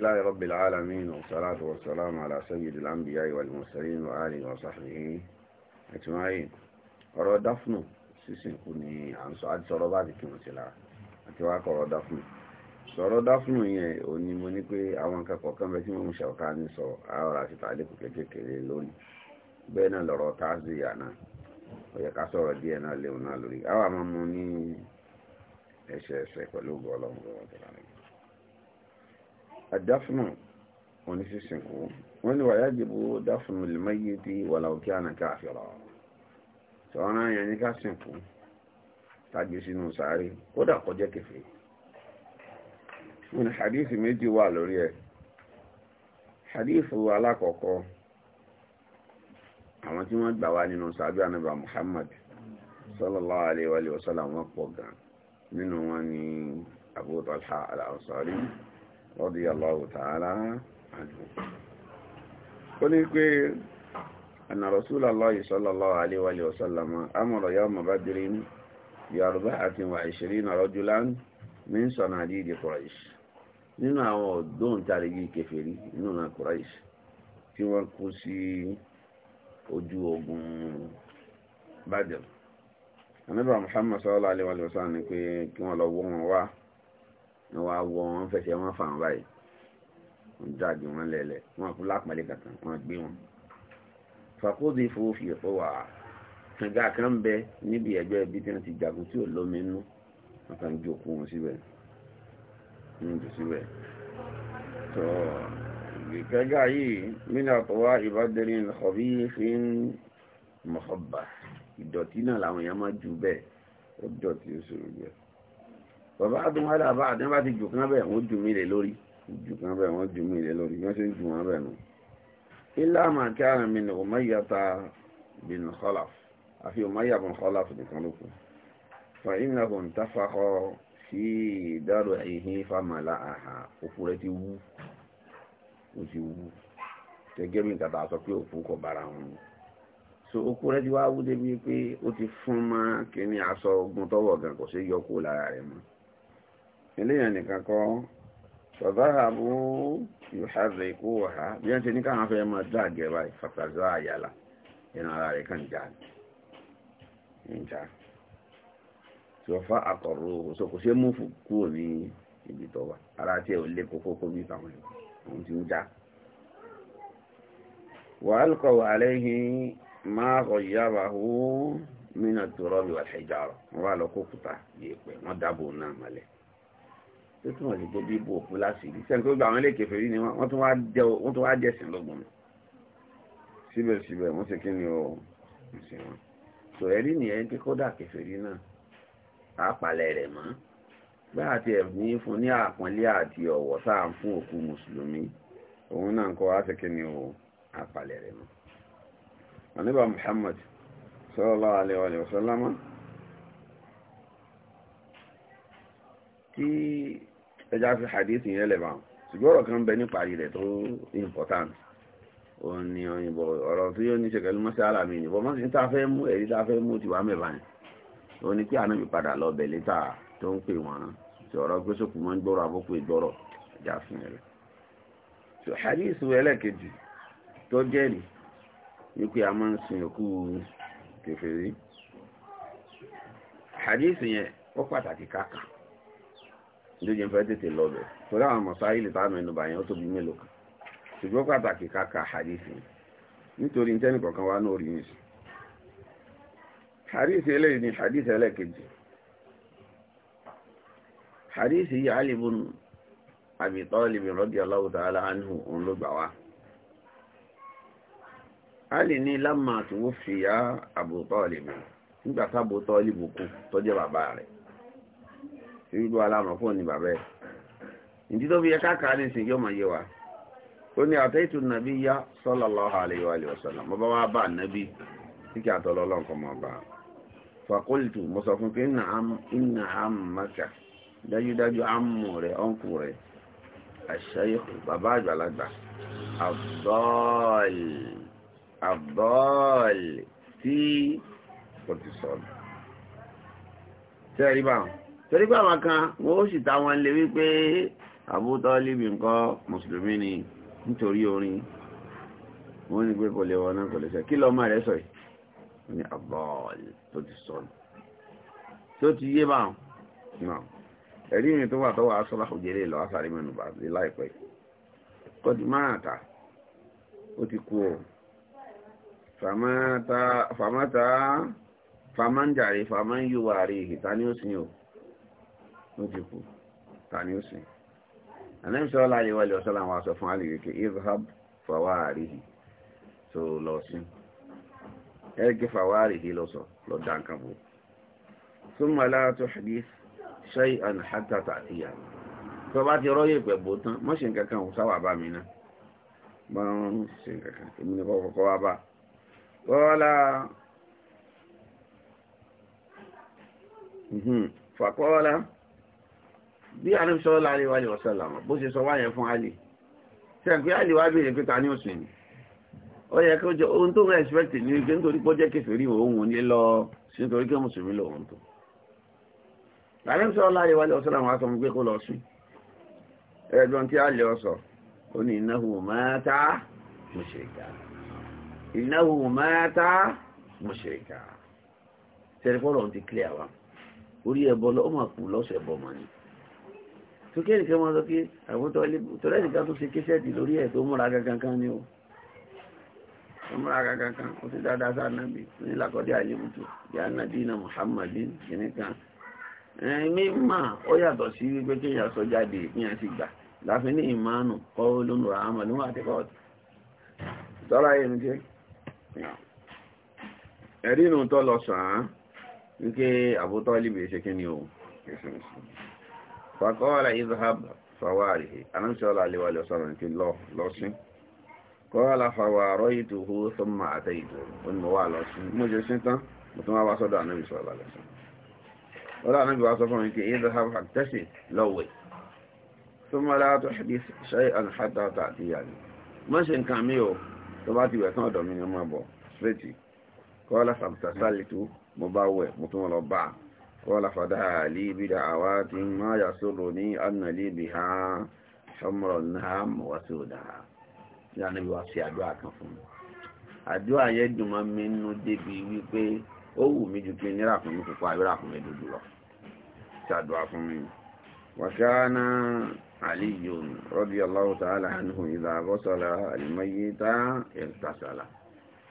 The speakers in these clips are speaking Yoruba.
لله رب العالمين والصلاة والسلام على سيد الأنبياء والمرسلين وآله وصحبه أجمعين ọ̀rọ̀ dáfnù sísìnkú ni à ń sọ àti sọ̀rọ̀ ní mo ní pé àwọn akẹ́kọ̀ọ́ kan bẹ tí mo ń ṣàwọ́ká ní sọ àárọ̀ àti tàlékù kékeré lónìí bẹ́ẹ̀ náà lọ̀rọ̀ táàzìyà náà ó yẹ ká àdáfùnù oníṣìṣìnkú wọ́n ni wà yajibu dáfùnù lmayyiti walau kana kafira sọ̀rọ̀ yẹn ní ká sìnkú tàbí sínú sàárè kódà kó jẹ́ kèfèrí wọ́n ni hadith méjì wà lórí ẹ̀ hadith alákọ̀ọ́kọ́ àwọn tí wọ́n gbà wá nínú sàábí ànábà Muhammad sallallahu alaihi wa sallam wọ́n pọ̀ gan nínú wọn ni Abu Talha al-Ansari rọ́dí aláwọ̀ tààrà àjò ó ní pé àna Rasulullah sallallahu alaihi wa sallam amara yawma Badrin bi na wa ishirina na nínú àwọn nínú na Quraysh tí wọ́n kú sí ojú ogun Badr anábà Muhammad sallallahu alaihi wa sallam ni pé kí wọ́n lọ wọ́n wá wọ́n wá wọ wọn fẹsẹ̀ wọn fà wọn báyìí wọ́n jáde wọn lẹ́lẹ̀ wọn kú lápàlẹ́ kankan wọ́n gbé wọn. fàkóòdì fòfì ẹ̀kọ́ wà kànga kan bẹ níbi ẹgbẹ́ ibi tí wọ́n ti jagun tí ò lómi nú wọ́n kàn jókòó wọn síbẹ̀ ń jù síbẹ̀. tó ìkẹ́gà yìí nínú àtọwá ìbádẹ́rin ọ̀bí fi ń mọ̀ọ́bà ìdọ̀tí náà làwọn èèyàn máa jù bẹ́ẹ̀ ó dọ̀tí ó ṣòro bẹ́ẹ̀ bàbá àdúnwádà bá àdúnwá ti jù kán bẹ́ẹ̀ wọ́n jù mí lè lórí jù kán bẹ́ẹ̀ wọ́n jù mí lè lórí wọ́n ṣe ń jù wọ́n bẹ́ẹ̀ nù. ilá àmà kí ara mi ní Umayya ta bin Khalaf àfi Umayya bin Khalaf nìkan ló fa iná kò ń tafakọ sí ìdárò ìhín famala àhà òfú rẹ ti wú ó ti wú gẹ́gẹ́ bí nǹkan tá sọ pé òfú kò bára wọn so okú rẹ̀ ti wá wú débi pé ó ti fún mọ́ kí ní aṣọ ogun tọ́wọ̀ gan kò sí yọkú lára rẹ̀ mọ́ eléyàn nìkan kọ́ fàzáhàbú yòhàzẹ̀ ikú wàhá bí wọ́n ti ní káwọn fẹ́ máa dá àgẹ̀rà ìfàtàzọ́ àyàlà ìran ara rẹ̀ kan jà níjà tí wọ́n fá àkọ̀rọ̀ òṣò kò ṣe mú fún kúrò ní ibi tó wà ara tí lé kókó kó bí ohun tí já máa kọ̀ tó túnmọ̀ sí pé bíbò òkú láṣìírí sẹ́ni tó gba àwọn ilé kèfèrí ni wọ́n tún wá jẹ́sìn lọ́gbọ̀n mi síbẹ̀síbẹ̀ wọ́n ṣe kí ni ó ṣe wọn tó ẹ̀rí nìyẹn pé kódà kèfèrí náà àpàlẹ̀ rẹ̀ mọ́ bá àti ẹ̀ ní fún ní àpọ́nlé àti ọ̀wọ̀ sáà ń fún òkú mùsùlùmí òun náà kọ́ wá ṣe kí ni ó àpàlẹ̀ rẹ̀ mọ́ àníbà Muhammad sallallahu alaihi wa sallam ẹjá fi hadith yẹn lẹ̀ bá ṣùgbọ́n ọ̀rọ̀ kan bẹ níparí rẹ̀ tó important òun ni òyìnbó ọ̀rọ̀ tí ó ní ṣe pẹ̀lú mọ́sí alàmì ni bọ́n mọ́sí tá a fẹ́ mú ẹ̀rí tá a fẹ́ mú tiwa mẹ́ba yẹn òun ni pé ànábì padà lọ bẹ̀ létà tó ń pè wọ́n ṣe ọ̀rọ̀ pé sókù mọ́ ń gbọ́rọ̀ àkókò ìgbọ́rọ̀ ẹjá fi yẹn lẹ̀ ṣò hadith ẹlẹ́kejì tó jẹ́rìí wípé a máa ń sin òkú kèfèrí hadith yẹn ó pàtàkì káàkiri lóye fẹ́ tètè lọ́bẹ̀ torí àwọn mọ̀sáìlì tá mẹ́nu bàyàn ó tóbi mélòó kan ṣùgbọ́n pàtàkì kàkà hadithi nítorí tẹ́nì kọ̀ọ̀kan wá náà rí ní sí hadithi eléyìí ni hadithi ẹlẹ́kejì hadithi yìí Ali ibn Abi Talib radiyallahu ta'ala anhu òun ló gbà wá Ali ní lamma tuwfiya Abu Talib nígbà tábù Talib kú tó bàbá rẹ̀ irúgbó alámọ̀fọ́ ni bàbá ẹ̀ ìdí tó fi yẹ káàkiri ní ìsìnkí ọmọ yé wa ó ní àtẹ́tù nàbí yá sallallahu alaihi wa sallam bàbá wa bá nàbí tí kí àtọ́lọ́lọ́ nǹkan mọ̀ bá fàkólìtù mo sọ fún pé ìnà àmàkà dájúdájú àmù rẹ̀ ọ̀nkù rẹ̀ àṣàyẹ̀kù bàbá àgbàlagbà àbọ́ọ̀lì tí kò ti sọ̀rọ̀ tẹ́ẹ̀rí báwọn torí pé àwọn kan wọ́n ó sì ta wọn lé wípé Abu Talib nǹkan mùsùlùmí ni nítorí orin wọ́n ní pé kò lè wọ́n náà kò lè ṣe kí lọ́mọ rẹ̀ sọ yìí ní àbọ̀ọ̀lì tó ti sọnù tó ti yé báwọn náà ẹ̀rí mi tó wà tó wà sọ́lá òjèrè lọ àsàrí mẹ́nu bá sí láìpẹ́ kò máa ta ó ti kú o fàmátà fàmáńjàre fàmáńyúwàre ìta ni o ó ti kú tani ó sìn ànábì sọ́lá àlewálé ọ̀sọ́lá àwọn aṣọ fún alìrèké izhab fawarihi tó lọ sí ẹgbẹ́ fawarihi lọ́sọ̀ lọ dá nǹkan bò thumma la tuhdith shay'an hatta ta'tiya tó bá ti rọ́yè pẹ̀bù tán mọ́ ṣe nǹkan kan sáwà bá mi ná mọ́ ṣe nǹkan kan èmi ni kọ́kọ́ wá bá wọ́lá mhm, fàkọ́ọ́lá bí ànábì sallallahu alaihi wa sallam bó ṣe sọ wáyẹn fún alì sẹ́ǹkì alì wá bèèrè pé ta ní òsìn ni ó yẹ kí ó jẹ ohun tó ń expect ní wípé nítorí pé ó jẹ́ kèfèrí òun ní lọ sí nítorí pé mùsùlùmí lòun tó ànábì sallallahu alaihi wa sallam sọ pé kó lọ sí ẹ̀gbọ́n tí alì ọ sọ ó ní innahu mata mushrika innahu mata mushrika sẹ́ríkọ́ lọ́n ti clear wa orí ẹ̀bọ ọmọ kù lọ́sẹ̀ ẹ̀bọ mọ́ ni tó kéèrè kí wọ́n sọ pé àbútọ́ tọ́lẹ́ nìkan tó ṣe kéṣẹ́ẹ̀tì lórí ẹ̀ tó múra gangan kan ni ó tó múra gangan kan ó ti dáadáa sáà nàbì ní lákọ́dé àlébùtù yà Muhammadin kìnìkan mímọ̀ ó yàtọ̀ sí wípé kéèyàn sọ jáde ìpínyà sí gbà láfin ní ìmánu kọ́ lónú àmà níwọ̀n àti kọ́ọ̀tù tọ́lá yẹn jẹ́ ẹ̀rí inú tọ́ lọ sàn án wípé àbútọ́ líbi ni ó fàkọ́ọ̀lá izhab fàwárìhì anáṣọ́lá aléwàlẹ̀ ọ̀sán ti lọ lọ́sí kọ́ọ̀lá fàwárọ̀ ìtòhó sọ́mà àtẹ́ìtò onímọ̀wà lọ́sí mú jẹ́ sí tán mo tún wá sọ́dọ̀ anábì sọ́lá lọ́sán wọ́n anábì wá sọ fún mi pé izhab àtẹ́sì lọ́wẹ̀ sọ́mà látò hadith shay'an hatta ta'tiyani má ṣe nǹkan mi o tó bá ti wẹ̀ tán tó mo lọ bá قال فدعا لي بدعوات ما يسرني أن لي بها حمر النعم وسودها يعني بيوصي àdúà kan fún mi àdúà yẹn dùn mọ́ mi nínú débi wípé ó wù mí ju pé nírà fún mi pupa àbí rà fún mi dúdú lọ ṣàdúà fún mi وكان علي رضي الله تعالى عنه إذا غسل الميت اغتسل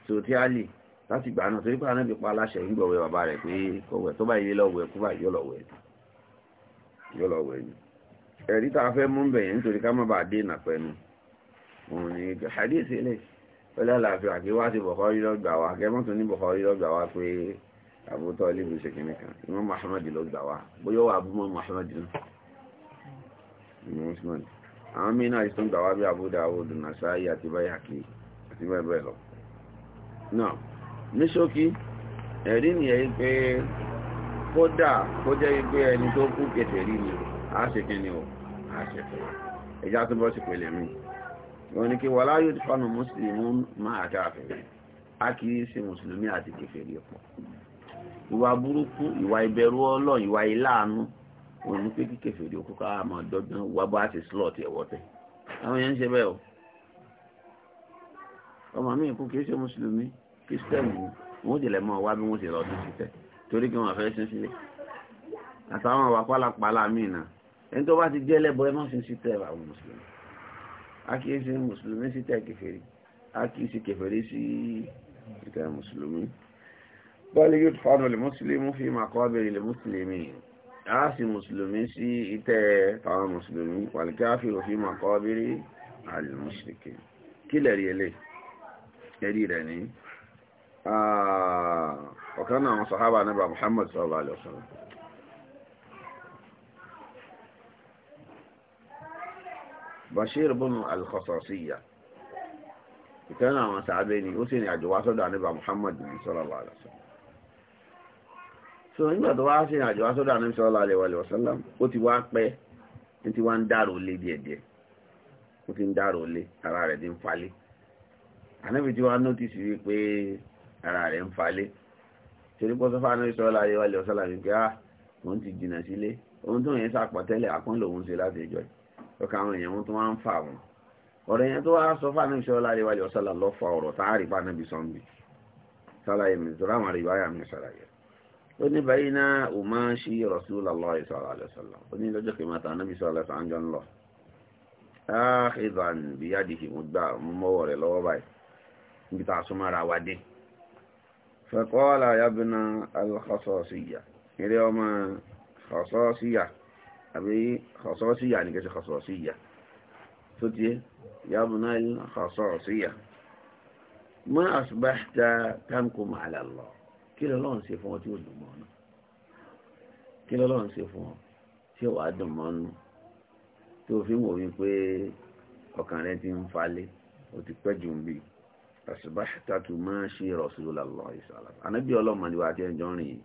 sòtí àlì láti gbà náà torí pé anábì pa aláṣẹ ń gbọ̀wẹ́ bàbá rẹ̀ pé kọ̀wẹ́ tó bá ilé lọ́wọ́ ẹ̀kú báyìí yóò lọ́wọ́ ẹ̀yìn ẹ̀rí tá a fẹ́ mú bẹ̀yẹ̀ nítorí ká má bàa dènà pẹ̀lú òun ni hadith ilé pẹ̀lú àlàáfíà kí wá sí Bukhari lọ́gbà wa kẹ́mọ́tún ní Bukhari lọ́gbà wa pé Abu Talib ṣe kìnnì kan Imam Muhammad lọ́gbà wa bóyá wà Abu Muhammad náà àwọn mí náà ìsúngbà wa bí Abu Dawud Nasa'i àti Bayhaqi àti bẹ́ẹ̀ bẹ́ẹ̀ lọ náà ní ṣókí ẹ̀rí nìyẹn wípé kódà kó jẹ́ wípé ẹni tó kú kẹsẹ̀ rí ni a ṣe kí ni o a ṣe fún ẹjá tó bọ́ sí pẹ̀lú mi wọn ni kí wọ́n láyé fánù mùsùlùmí máa káàkiri a kì í ṣe mùsùlùmí àti kèfèrí pọ̀ ìwà burúkú ìwà ìbẹ̀rù ọlọ́run ìwà ìláàánú òun pé kí kèfèrí okú ká máa dọ́gbọ́n wà bá ṣe slot ẹ̀wọ́ ọmọ mi kú kì ṣe mùsùlùmí kírísítẹ́nì wọ́n jẹ̀lẹ̀ mọ́ wá bí wọ́n ṣe lọ sí sílẹ̀ torí kí wọ́n fẹ́ sin sílẹ̀ àtàwọn àwà pálapàla míì náà ẹni tó bá ti jẹ́ lẹ́bọ ẹ má sin sílẹ̀ àwọn mùsùlùmí a kì í sin mùsùlùmí sílẹ̀ kèfèrí a kì í sí ìtẹ̀ mùsùlùmí bọ́ọ̀lù yóò fọ́nà lè mùsùlùmí fi máa kọ́ abẹ́rẹ́ lè mùsùlùmí a sì mùsùlùmí sí ìtẹ̀ àwọn mùsùlùmí wàlùkáfíìn fi máa kọ́ abẹ́rẹ́ àlùmùsùlùmí kí lẹ́rìí ẹlẹ́ ẹ̀rí rẹ̀ ní Ah, ọ̀kan náà sọ̀hábà níbà Muhammad sallallahu alaihi Bashir bin al-Khasasiyya ìkan náà wọn sàábẹ́ ni ó sì ní àjò sọ́dọ̀ Muhammad sallallahu alaihi wasallam so nígbà tó wá sí àjò wá sọ́dọ̀ níbà sallallahu alaihi ó ti wá pẹ́ ní ti wá ń dárò lé díẹ̀díẹ̀ ó ti ń dárò lé ara rẹ̀ ti ń falé ànábì ara rẹ̀ ń falé torí pọ́ sọ́fà náà sọ́ọ́ láyé wálé ọ̀sọ́lá mi pé ah òun ti jìnnà sílé ohun tó yẹn sàpọ̀ tẹ́lẹ̀ àpọ́n lòun ṣe láti ìjọ ọkà àwọn èèyàn wọn tó wá ń fà wọn ọ̀rọ̀ yẹn tó wá sọ́fà náà sọ́ọ́ láyé wálé ọ̀sọ́lá lọ́ fa ọ̀rọ̀ tá a rí fáná bí sọ́ńbì sálàyé mi tó ráwọn àríwáyà mi sàlàyé ó ní báyìí náà ò máa ń ṣí Rasulullah sallallahu فقال يا ابن الخصاصية اليوم خصاصية أبي خصاصية يعني كيش خصاصية فتي يا ابن الخصاصية ما أصبحت تمكم على الله كلا لون سيفون تيو دمانو كلا لون سيفون تيو أدمانو تيو في موين كوي ọkàn rẹ ti ń asibahitatu máa ṣe rọ̀sùlọ́lọ́ ìsàlá anábí ọlọ́mọ ni wà á jẹ́ jọrin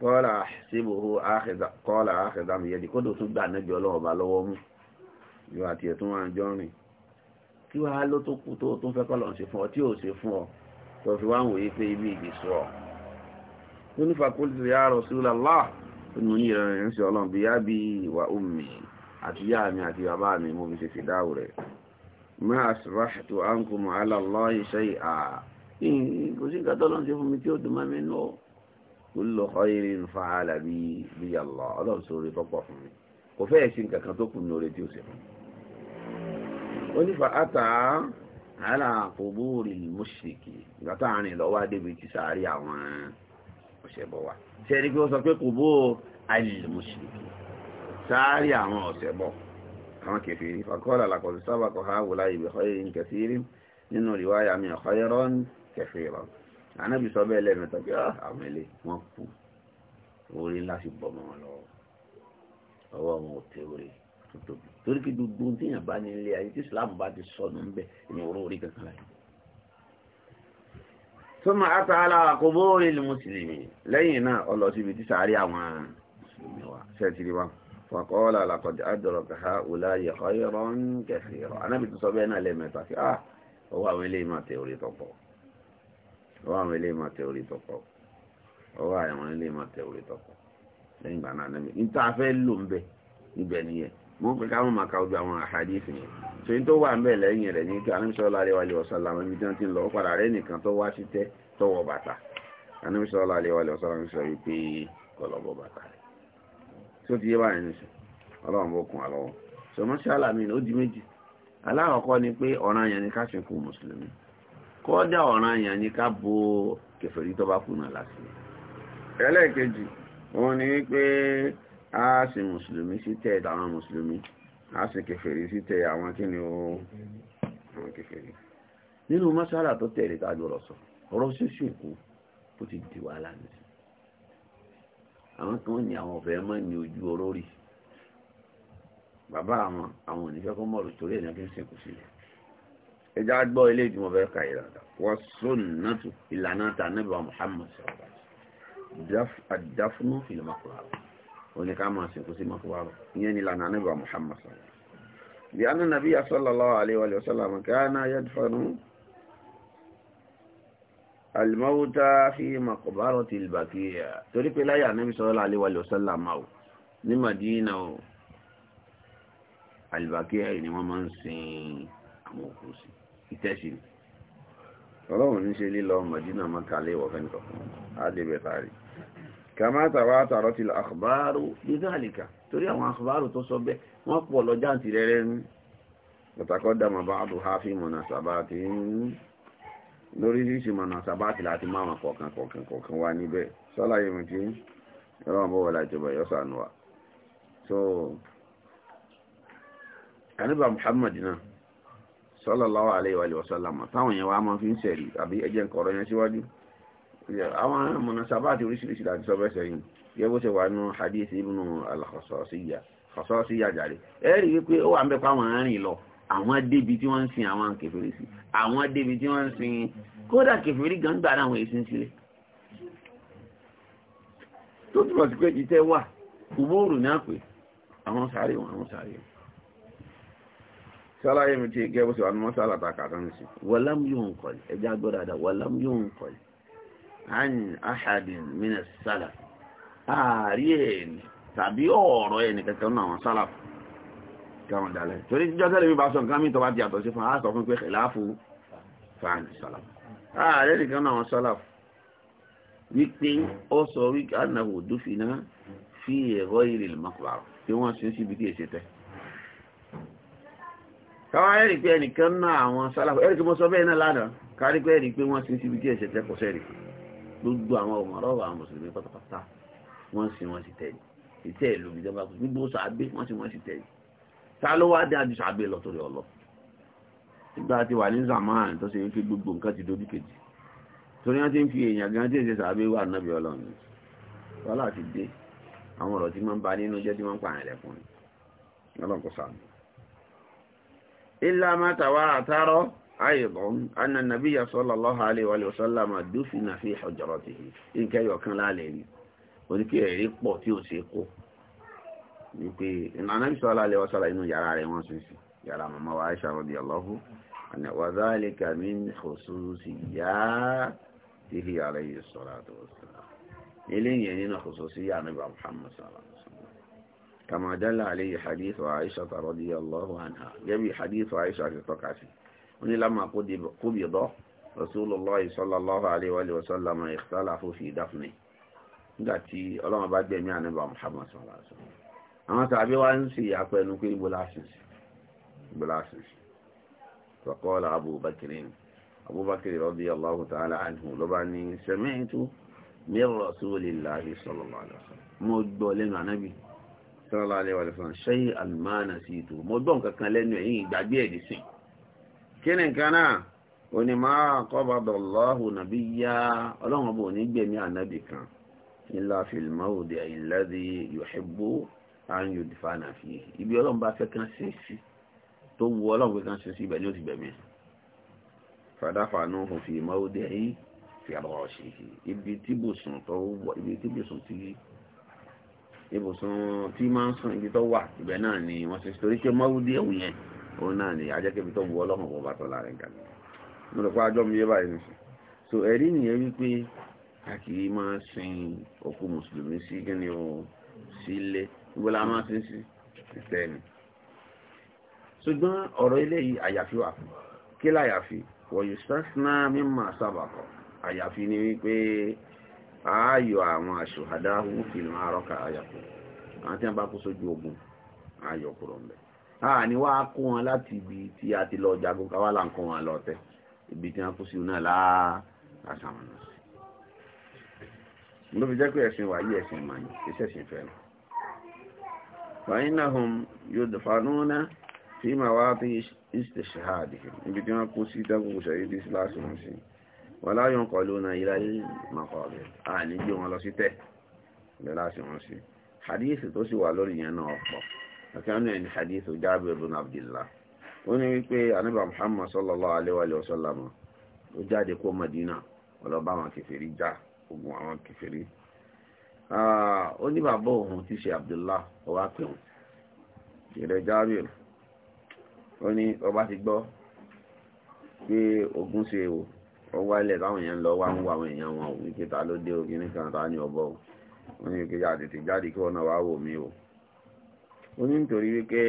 kọ́lá síbòhó kọ́lá áhẹ́dá mi yẹ́dì kódò tún gbà anábí ọlọ́ọ̀bá lọ́wọ́ mú yóò àti ẹ̀tún wà jọrin kí wàá ló tó kú tó tún fẹ́ kọ́lọ̀ ṣe fún ọ tí ò ṣe fún ọ tó fi wá ń wòye pé ibi ìdè sọ ọ tó ní fàkúlù ya rọ̀sùlọ́lá tó ní mo ní ìrẹ̀rẹ̀ ń ṣe ọlọ́run yá bí wà ó mi àti yá mi àti bàbá mi mo fi ṣe fìdáwò rẹ̀ ma asbahtu ankum ala Allahi shay'a kò sí nǹkan tọ́lọ́n ṣe fún mi tí ó dùn mọ́ mi nù kullu khairin fa'ala bi bi Allah ọlọ́run sórí tọ́pọ̀ fún mi kò fẹ́ẹ̀ sí nǹkan kan tó kù ní orí tí ó ṣe fún mi. ó ní fa ata ala quburi mushriki ìgbà tá àárín lọ́wọ́ débi ti sàárì àwọn ọ̀ṣẹ̀bọ̀ wa ṣe é ní kí sọ pé qubur al mushriki sàárì àwọn ọ̀ṣẹ̀bọ̀ àwọn kèfèrí fàkọ́lá làkọ̀tù sábàkọ̀ ha wùlá ìbẹ̀ khairin kathirin nínú riwaya mi khairan kathiran anábì sọ bẹ́ẹ̀ lẹ́nu tàbí àwọn ilé wọn kú orí ńlá sì bọ́ mọ́ wọn lọ́wọ́ ọwọ́ wọn ò tẹ orí tó tóbi torí kí gbogbo tí èèyàn bá ní ilé ayé tí Islam bá ti sọnù ń bẹ ní oró orí kankan láyé tó máa ata ala àkóbó orí mùsùlùmí lẹ́yìn náà ọlọ́sibí ti àwọn mùsùlùmí wa ṣẹ́ẹ̀tì rí wa fàkọ́ọ́lá àlàkọ̀dì àdọ̀rọ̀kà ha òláyè ọ̀yọ́rọ̀ ń kẹfìrọ̀ anábì tó sọ bẹ́ẹ̀ náà lẹ́mẹ̀ta fi ah ọwọ́ àwọn ilé ìmọ̀ tẹ orí tọ̀pọ̀ ọwọ́ àwọn ilé ìmọ̀ tẹ orí tọ̀pọ̀ ọwọ́ àwọn ilé ìmọ̀ tẹ orí tọ̀pọ̀ lẹ́yìn ìgbà náà nẹ́mi níta fẹ́ lò ń bẹ ibẹ̀ nìyẹn mo ń pè káwọn máa ka ojú àwọn àhàdíìsì yẹn so ní tó wà ń bẹ lẹ́yìn ní kí anamisọ́lá alẹ́ wàlẹ́ ọ̀sálà àwọn ibi tí wọ́n ti ń lọ padà rẹ̀ nìkan tó wá sí tẹ́ tọwọ́ bàtà anamisọ́lá alẹ́ wàlẹ́ ọ̀sálà ń sọ wípé kọlọ́bọ̀ bàtà rẹ̀ tí ó ti yé báyìí nìṣẹ́ ọlọ́run bó kún àlọ́wọ́ sọ mọ́ṣálà mi ó di méjì alákọ̀ọ́kọ́ ni pé ọ̀ràn yẹn ni ká ṣe fún mùsùlùmí kọ́dà ọ̀ràn yẹn ni ká bo kẹfẹ́rí tó bá kùnà láti ẹlẹ́ẹ̀kejì òun ni wípé a sì mùsùlùmí sí tẹ̀ àwọn mùsùlùmí a sì kẹfẹ́rí sí tẹ̀ àwọn kí ni ó àwọn kẹfẹ́rí nínú mọ́ṣálà tó tẹ̀lé tá a jọ lọ sọ ọ̀rọ̀ ṣíṣe kú ó ti di wàhálà nìṣ àwọn kan ní àwọn ọ̀fẹ́ mọ́ ní ojú ọ̀rọ̀ rí bàbá àwọn àwọn onífẹ́ kó mọ̀rọ̀ torí ẹ̀yàn fi ń sìnkú sílẹ̀ ẹjá gbọ́ ilé ìdí mo fẹ́ ka ìlànà wọ́n sunnatu ìlànà ta Ànábì Muhammad sọ̀rọ̀ àdáfúnú fìlẹ̀ makuraro oníká máa sìnkú sí makuraro ìyẹn ni ìlànà Ànábì Muhammad sọ̀rọ̀ bí anú nàbí sallallahu alimawuta fi makobaro ti ilbakiya torí pé láyé ànábì sallallahu alaihi wa sallam o ní madina o alibakiya ni wọ́n máa ń sin àwọn òkú sí ìtẹ́sí ni ọlọ́run ní ṣe lílọ madina maka lè wọ̀ fẹ́ni kọ̀kan adébẹ̀ tààrí kàmá tàwa tààrọ ti àkùbárò bí dáàlìkà torí àwọn àkùbárò tó sọ bẹ́ẹ̀ wọ́n pọ̀ lọ́jà àti rẹ́rẹ́ ní pàtàkọ́ dàmà bá àdùhá fi mọ̀nà sàbà tí ń lórí ṣíṣì mọ̀nà sàbáàtì láti máa wọn kọ̀ọ̀kan kọ̀ọ̀kan kọ̀ọ̀kan wá níbẹ̀ sọ́lá yìí tí ẹ̀rọ̀n bó wọlé yọ́sà nù wa so àníbà Muhammad náà sallallahu alaihi wa sallam táwọn yẹn wá máa fi ń sẹ̀rí àbí ẹjẹ́ nǹkan ọ̀rọ̀ yẹn síwájú àwọn mọ̀nà sàbáàtì oríṣiríṣi láti sọ bẹ́sẹ̀ yìí yẹ bó ṣe wà nù hadith ibn al-Khasasiyya Khasasiyya jàre ẹ̀rí wípé ó wà ń bẹ́ pàwọn arìn lọ àwọn débi tí wọ́n ń sin àwọn kèfèrè àwọn débi tí wọ́n ń sin kódà kẹfìrí gan gbà láwọn èsì sílẹ̀ tó túnbọ̀ sí pé jíṣẹ́ wà kùbóòrù náà pé àwọn sáré wọn àwọn sáré wọn sálàyé mi ti gẹ́gbó sí àwọn mọ́sálà tàkà tó ń sí wọlám yóò ń kọ̀lẹ̀ ẹjá gbọ́dọ̀ àdá wọlám yóò ń kọ̀lẹ̀ àyìn ahadin minas salaf ààrí ẹni tàbí ọ̀rọ̀ ẹni kankan náà wọn sálàfù káwọn dalẹ̀ torí jíjọ́ tẹ́lẹ̀ bí bá sọ nǹkan mìtọ́ bá ti àtọ̀ sí fún àásọ̀ fún pé kìláàfù fàánì sọ́lá ààrẹ nìkan náà wọn sọ́lá wípé ó sọ wípé anáwó dúfìnà fi ẹ̀họ́ ìrìn lùmọ́kùbàrọ̀ tí wọ́n sin síbi tí èsì tẹ́ káwọn ẹ̀rì pé ẹnìkan náà àwọn sọ́lá ẹ̀rì pé mo sọ bẹ́ẹ̀ náà lánàá kárí pé ẹ̀rì pé wọ́n sin síbi tí èsì tẹ́ kò sẹ́rì gbogbo àwọn ọmọ ọlọ́wọ́ àwọn mùsùlùmí ta ló wá dé àjù sàbẹ̀ ọlọ nígbà wà ní zaman tó gbogbo nǹkan ti keji. kejì torí ti ń fi èèyàn gan tí èsè sàbẹ̀ wà nábì ọlọ́run ti dé àwọn ọ̀rọ̀ tí wọ́n ba nínú jẹ́ tí wọ́n pa àyàn lẹ́kùn ni ọlọ́run kò ilá àtàrọ wípé ìlànà ìṣọ́lá lè wọ́sọ́lá inú yàrá rẹ̀ wọ́n sí sí yàrá màmá wa Aisha radiyallahu anha wa dhalika min khususiyyatihi alayhi salatu wassalam ilé yẹn nínú khususiyyat Ànábì Muhammad sallallahu alaihi wasallam kama dalla alayhi hadith Aisha radiyallahu anha gẹ́bí hadith Aisha ti tọ́ka sí ó ní lamma qubida Rasulullahi sallallahu alaihi wasallam ikhtalafu fi dafnihi nígbà tí Ọlọ́run bá gbẹ̀mí Ànábì Muhammad sallallahu alaihi wasallam àwọn tàbí wá ń sì àpẹnu pé ibo láṣìṣì ibo láṣìṣì faqala abubakirin abubakir radiyallahu ta'ala anhu ló bá ní sami'tu min rasulillahi sallallahu alaihi wasallam mo gbọ́ lẹ́nu ànábì sallallahu alaihi wasallam shay'an ma nasitu mo gbọ́ nǹkan kan lẹ́nu ẹ̀yìn ìgbàgbé ẹ̀dì sí kí ni nǹkan náà ó ní máa qabada Allahu nabiyya a an yóò di fáànà fi yìí ibi ọlọ́run bá fẹ́ kán ṣe sí tó wu ọlọ́run pé kán ṣe sí ibẹ̀ ni ó ti bẹ̀mí fàdáfà náà hàn fi mọ́ ó dé yín fi àrọ̀ ṣe ibi tí bùsùn tó wọ ibi tí bùsùn tí ibùsùn tí máa ń sùn ibi tó wà ibẹ̀ náà ni wọ́n ṣe torí pé mọ́ ó dé òun yẹn òun náà ni ajẹ́kẹ́bi tó wu ọlọ́run kò bá tọ́ lára nǹkan mi mo rò pé ajọ́ mi yé báyìí nìṣẹ́ so ẹ̀rí nìyẹn wípé a kì í máa sin òkú mùsùlùmí sí kí ni o sílé. Si ìwọ la máa fi ń sí ìfẹ́ ni ṣùgbọ́n ọ̀rọ̀ eléyìí àyàfi wà fún kí láyàfi wọ̀nyí sásínà mímọ̀ sábàkọ̀ àyàfi ni wípé ààyò àwọn àṣòhádá fìlì máa rọ́kà àyàkù àwọn tí wọ́n bá kó sójú ogun ààyò kúrò ń bẹ̀. a ní wàá kó wọn láti ibi tí a ti lọ jagun káwá là ń kó wọn lọ tẹ ibi tí wọ́n kó sí náà láà àṣàmùnà sí. ló fi jẹ́ pé ẹ̀sìn wàyí ẹ̀sìn màá ní iṣẹ́ ìsìn fẹ́ràn. فإنهم يدفنون في مواطن استشهادهم بدون قصيدة وشهيد إسلاس ومسين ولا ينقلون إلى المقابر أعني جيوم الله سيته بلاس ومسين حديث توسي لوري ينوفا فكان يعني حديث جابر بن عبد الله وني بي أنا محمد صلى الله عليه وآله وسلم وجاد يكون مدينة ولو بما كفري جاء وما كفري Ah, ó ní bàbá òun ti ṣe Abdullah ọwá pè wọn ìrẹ̀ Jábìrì ó ní ọba ti gbọ́ pé ogun ṣe o ó wá ilẹ̀ táwọn èèyàn lọ wá ń wá àwọn èèyàn wọn òun kíta ló dé òkè ní kan tání ọbọ ó ní òkè jáde ti jáde kí wọn náà wá wò mí o ó ní nítorí wípé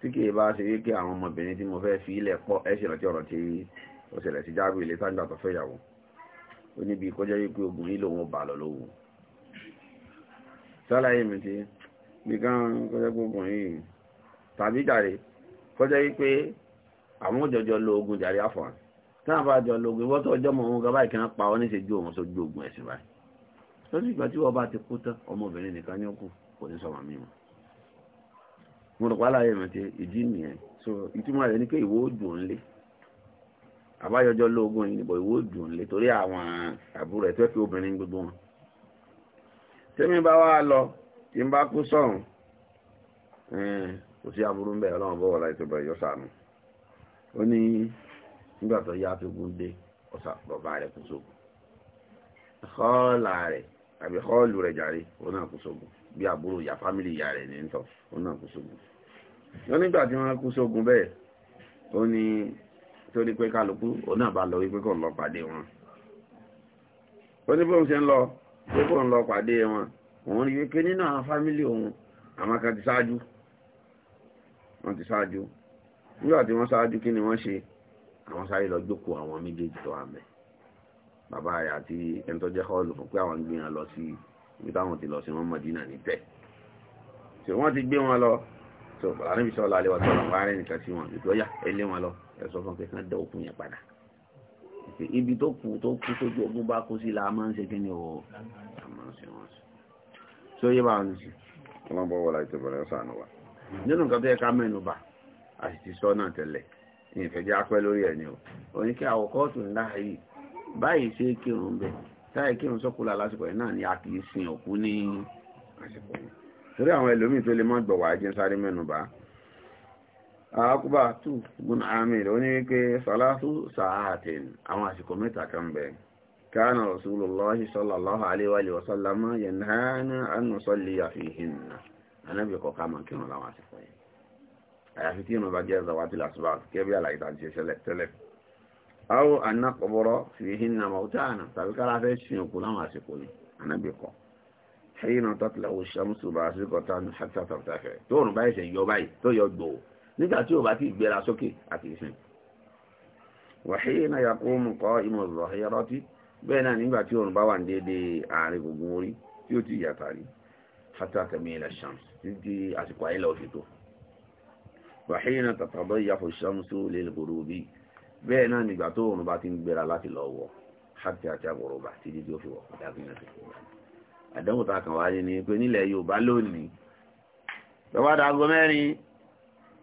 tí kì bá ṣe wípé àwọn ọmọbìnrin tí mo fẹ́ fi ilẹ̀ pọ̀ ẹ̀ ṣèrántí ọ̀rọ̀ tí ó ṣẹlẹ̀ sí Jábìrì ilé sáńgbà tó fẹ́ yàwó ó níbi kọjá wípé ogun yìí lòun ò bà lọ lówùú sálàyé mi ti gbígán kọjá gbogbo yìí tàbí jàre kọjá wípé àwọn òjòjò lo ogun jàre àfọ̀n tí wọ́n bá jọ lo ogun ìwọ́n tó ọjọ́ mọ̀ wọn gaba ìkànnì pa ọ́ níṣe ju òun sójú ogun ẹ̀sìn báyìí lọ́sí ìgbà tí wọ́n bá ti kú tán ọmọbìnrin nìkan ní òkú kò ní sọ̀rọ̀ mímọ́ mo rò pálá yẹn mọ̀tẹ́ ìdí nìyẹn so ìtumọ̀ rẹ̀ ni pé ìwọ òdùn ńlé àbáyọjọ́ lóògùn yìí nìbọ̀ ìwọ òdùn ńlé torí àwọn àbúrò ẹ̀ tó ẹ̀ tẹ́mi bá wá lọ tí n bá kú sọ̀rùn kò sí aburú ń bẹ̀ ọlọ́run bọ́wọ́ láì tó bẹ̀rẹ̀ yọ sànù ó ní nígbà tó yá tó gún dé ọ̀sà bàbá rẹ̀ kú sógun xọ́ọ̀là rẹ̀ àbí xọ́ọ̀lù rẹ̀ jàre òun náà kú sógun bí àbúrò ìyá fámìlì ìyá rẹ̀ ní tọ̀ òun náà kú sógun wọ́n nígbà tí wọ́n kú sógun bẹ́ẹ̀ ó ní torí pé kálukú òun náà bá lọ wípé kò lọ pàdé wọn ó ní bóun ṣe ń lọ pé kò ń lọ pàdé wọn òun rí wípé nínú àwọn fámílì òun àwọn kan ti ṣáájú wọ́n ti ṣáájú nígbà tí wọ́n ṣáájú kí ni wọ́n ṣe àwọn sáré lọ jókòó àwọn méjèèjì tó wà mẹ́ bàbá rẹ̀ àti ẹni tó jẹ́ hall fún pé àwọn gbé wọn lọ sí ibi táwọn ti lọ sí wọn mọ̀dínà ní tẹ̀ tí wọ́n ti gbé wọn lọ tó bàbá níbi sọ́ọ́lá alẹ́ tó lọ wá rẹ̀ nìkan sí wọn ìtọ́yà ẹlé lọ ẹ̀ sọ fún pé kán dẹ́ òkun yẹn padà ibi tó kù tó kú sójú ogun bá kú sí làá máa ń ṣe kí ni ọ̀rọ̀ tí ó yé bá ń sí ọlọ́bọ̀ wọ́la ìtẹ̀bọ̀rẹ̀ sànù wa nínú nǹkan tó yẹ ká mẹ́nu bà a sì ti sọ náà tẹ́lẹ̀ ìfẹ̀jẹ́ apẹ́ lórí ẹ̀ ni o òní kí àwọ̀kọ́ọ̀tù ńlá yìí báyìí ṣe kírun bẹ táyì kírun sọ́kùlà lásìkò ẹ̀ náà ni a kì í sin òkú ní àsìkò yìí torí àwọn ẹlòmíì tó lè má gbọ̀ wá jẹ́ mẹ́nu bà àkúbà tù gún amir ó ní wípé salatu sa'atin àwọn àsìkò mẹ́ta kan bẹ̀ kana rasulullahi sallallahu alaihi wa sallam yanhana an nusalliya fihinna anábì kọ̀ọ̀ká máa kírun láwọn àsìkò yìí àyàfi tí ìrùn bá jẹ́ zawatil asbab kẹ́bí àlàyé tàbí tẹ́lẹ̀ aw an naqbura fihinna mautana tàbí kára fẹ́ sin òkú láwọn àsìkò ni ànábì kọ hina nígbà tí ò bá ti gbéra sókè àti ìsìn wàhíyé náà yà kó mú kọ́ ìmọ̀ ìrọ̀hẹ́rọ́ tí bẹ́ẹ̀ náà nígbà tí òun bá wà ní dédé àárín gbùngbùn orí tí ó ti yàtà rí hátà tẹ̀mí ilẹ̀ shams títí àsìkò ayélẹ̀ òfìtò wàhíyé náà tàtàbọ̀ ìyàfọ̀ shams ó lè gbòrò bí bẹ́ẹ̀ náà nígbà tó òun bá ti ń gbéra láti lọ wọ̀ hátà àti àgbòrò títí tí ó fi wọ̀ dábì náà ti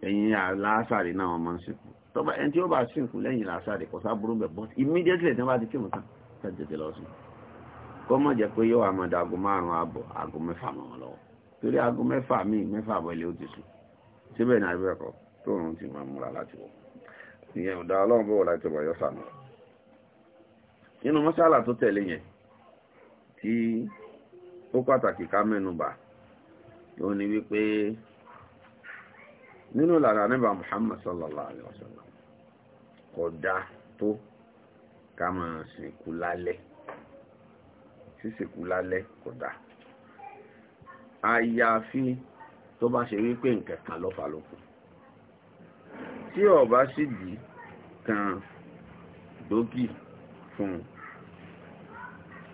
ẹ̀yìn aláṣàrí náà wọ́n máa ń sìnkú tọ́ba ẹni tí ó bá sìnkú lẹ́yìn aláṣàrí kò sábúrú bẹ̀ bọ́t immediately tí wọ́n bá ti kírun tán tẹ́ tètè lọ sí kọ́ mọ̀ jẹ́ pé yóò wà máa da aago márùn-ún àbọ̀ aago mẹ́fà mọ́ wọn lọ́wọ́ torí aago mẹ́fà míì mẹ́fà bọ́ ilé ó ti sùn síbẹ̀ ní abẹ́ ẹ̀kọ́ tó òun ti máa múra láti wọ̀ ìyẹn ọ̀dà ọlọ́run bọ̀ láti wọ̀ yọ́sà náà nínú mọ́sálà nínú ìlànà níbà Muhammad sallallahu alaihi wasallam kódà tó ká máa sìnkú lálẹ́ sísìnkú lálẹ́ kódà àyàfi tó bá ṣe wípé nǹkan kan ló fà lókun tí ọba sì dì kan gbòógì fún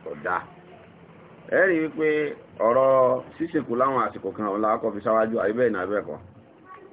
kódà ẹ̀rí wípé ọ̀rọ̀ sísìnkú láwọn àsìkò kan ọ̀la kọfí sáwájú àyíbẹ̀ ìnàbẹ̀kọ̀ọ́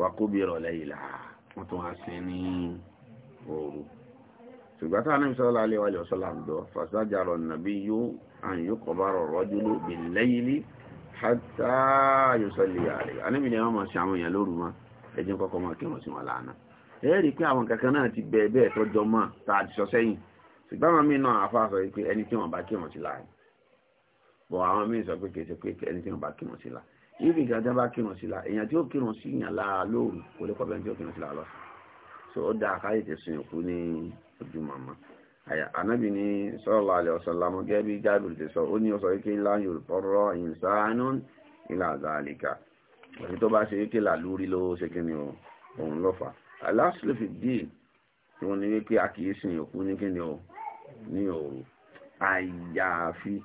wàkóbìrọ̀ lẹ́yìnlá wọ́n tún wá sí ní òru ṣùgbọ́n táwọn ẹni sọ́lá alẹ́ wájú ọ̀sọ́lá ń dọ́ fàṣájàrọ̀ nàbí yóò àyùn kọ̀bárọ̀ rọ́jú ló bì lẹ́yìnlí hátà yóò sọ́lé ààrẹ anábì ni wọ́n máa ṣe àwọn èèyàn lóru mọ́ ẹjẹ́ kọ́kọ́ máa kírun sí wọn lánàá ẹ pé àwọn kankan náà ti bẹ bẹ́ẹ̀ tọ́jọ́ mọ́ tá a ti sọ sẹ́yìn ṣùgbọ́n àwọn míì náà ibi ìgbà tí wọ́n bá kírun sí la èèyàn tí ó kírun sí yàn lára lóòrù kò lè kọ́bẹ̀rẹ̀ tí ó kírun sí la lọ́sàn so ó da àkáyè tẹ̀ sun ìkú ní ojú màmá àyà anábì ní sallallahu alaihi wasallam gẹ́gẹ́ bí jábìrì ti sọ ó ní ọsọ wípé ńlá yorùbọ̀rọ̀ ìsánú ìlà àzàlìkà òfin tó bá ṣe wípé làlúrí ló ṣe kí ni òun lọ́fà aláṣìlófì díì tí wọ́n ní wípé a kì í sin òkú ní kí ni o ní òru àyàfi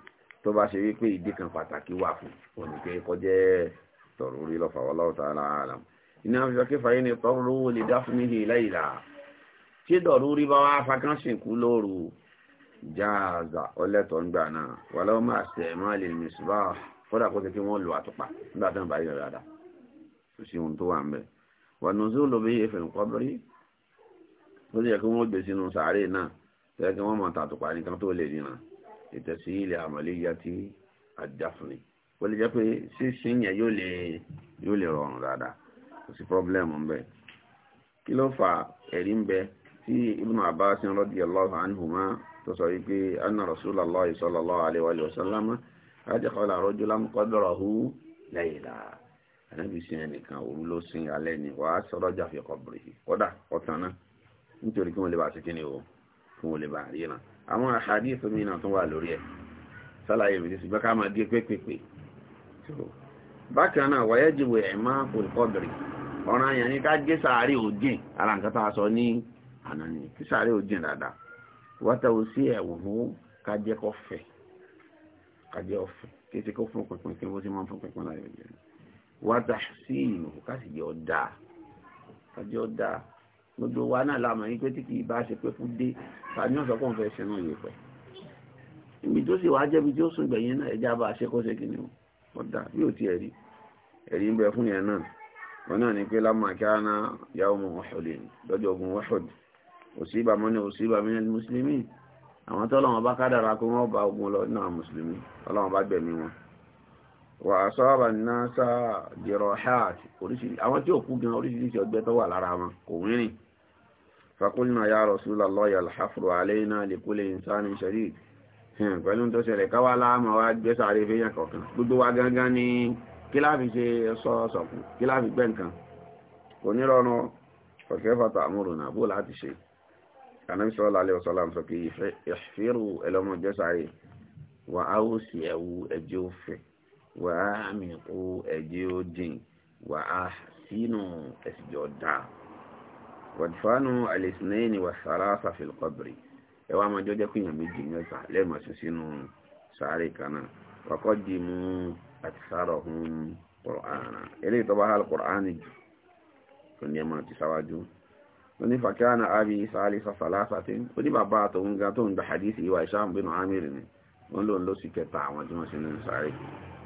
tó bá ṣe wípé ìdí kan pàtàkì wà fún un òníkè kọjẹ́ tọ̀rọ̀ orí lọ́fà wallahu ta'ala alam iná fi sọ kí fàyín ni tọ́rọ̀ owó lè dafnihi layla tí dọ̀rọ̀ orí bá wá fakán sìnkú lóru jáàzà ọlẹ́tọ̀ ńgbà náà wà lọ́wọ́ máa ṣe máa lè mìsùbá fọ́dà kó ti kí wọ́n lo àtùpà nígbà tó ń bá yọ̀ dáadáa kò sí ohun tó wà ń bẹ̀ wà nuzulu bí efe nkọ́bírí ó sì yẹ kí wọ́n gbé sínú sàárè náà tẹ́lẹ̀ kí wọ́n mọ̀ tàtùpà nìkan tó lè dìnnà ìtẹ̀sí ilẹ̀ àmàlẹ́yà tí àdáfúnni ó lè jẹ́ pé ṣíṣe yẹn yóò lè yóò lè rọrùn dáadáa kò sí pọ́blẹ́mù ń bẹ kí ló fa ẹ̀rí ń bẹ tí Ibn Abbas radiyallahu anhuma tó sọ wípé anna Rasulullah sallallahu alaihi wa sallam adkhala rajulan qabrahu layla ànábì sin ẹnìkan òru ló sin alẹ́ ni wàá sọ̀rọ̀ jà fi kọ̀bùrì kódà ọ̀tàn náà nítorí kí wọ́n lè bá bákan náà wáyé jìwò ẹ̀má pòlìkọ́bìrì ọ̀ràn yẹn ni ká gé sàárè òjìn ara nǹkan a ní ni kí sàárè òjìn dáadáa wọ́tà sí ẹ̀wọ̀n fún ká jẹ́ kó fẹ̀ kí ti kó fún pínpín kí wọ́n ti máa fún pínpín láyé òjìn sí ìmọ̀ wa náà la yín pé tí kì í bá ṣe pé dé ibi tó sì wá jẹ́bi tí ó sùn gbẹ̀yìn náà bá a ṣe ọ̀dà bí ò ti ẹ̀rí ẹ̀rí ń bẹ fún yẹn náà wọn náà ni pé lámàkíáná yàwó mọ̀ ọ̀ṣọ̀lẹ̀ lọ́jọ́ ogun wọ́ṣọ̀d òsínbà mọ́ ní òsínbà mẹ́rin mùsùlùmí àwọn tó lọ́wọ́n bá kádàrà kó wọ́n bá ogun lọ náà mùsùlùmí ọlọ́wọ́n bá gbẹ̀mí wọn wà á sọ́ọ́bà náà sá dìrọ̀ ṣáàtì àwọn tí ò gan oríṣiríṣi ọgbẹ́ tó wà lára wọn kò wírin فقلنا يا رسول الله الحفر علينا لكل إنسان شديد pẹ̀lú tó ṣẹlẹ̀ káwá láàmà wá gbé sáré fi yàn kọ̀ọ̀kan gbogbo wa gangan ni kíláàfi ṣe sọ sọ̀kùn kíláàfi gbẹ̀ nǹkan kò ní rọrùn ọ̀kẹ́ fata àmúrò náà bó láti ṣe ànábì sallallahu alaihi wasallam sọ pé ìfẹ́rù ẹlọ́mọ jẹ́ sáré wà á ó sì ẹ̀wù ẹ̀jẹ̀ òfẹ́ wà á mi kú ẹ̀jẹ̀ òdìn wà á sínú ẹ̀sìjọ́ dáa wàdìfánù alìsìnẹ́yìn wà sàrà sàfihàn kọ́bìrì ẹwà àmọ́jọ́ jẹ́ pìyàn méjì mẹ́ta lẹ́ẹ̀mọ̀sí sínú sàárè kanáà kọ́kọ́ di mú àti sáárọ̀ hún kọ̀ọ̀ánà eléyìí tó bá hàl kọ̀ọ̀ánì jù tó ní ẹmọ ti sáwájú ó ní fàkíyàn àbí sáálí sàfàlásàtì ó ní bàbá àtòun ga tó ń da hadisi ìwà ìṣàm bínú amírì ni wọ́n lòun ló sì kẹta àwọn tí wọ́n sì ní sàárè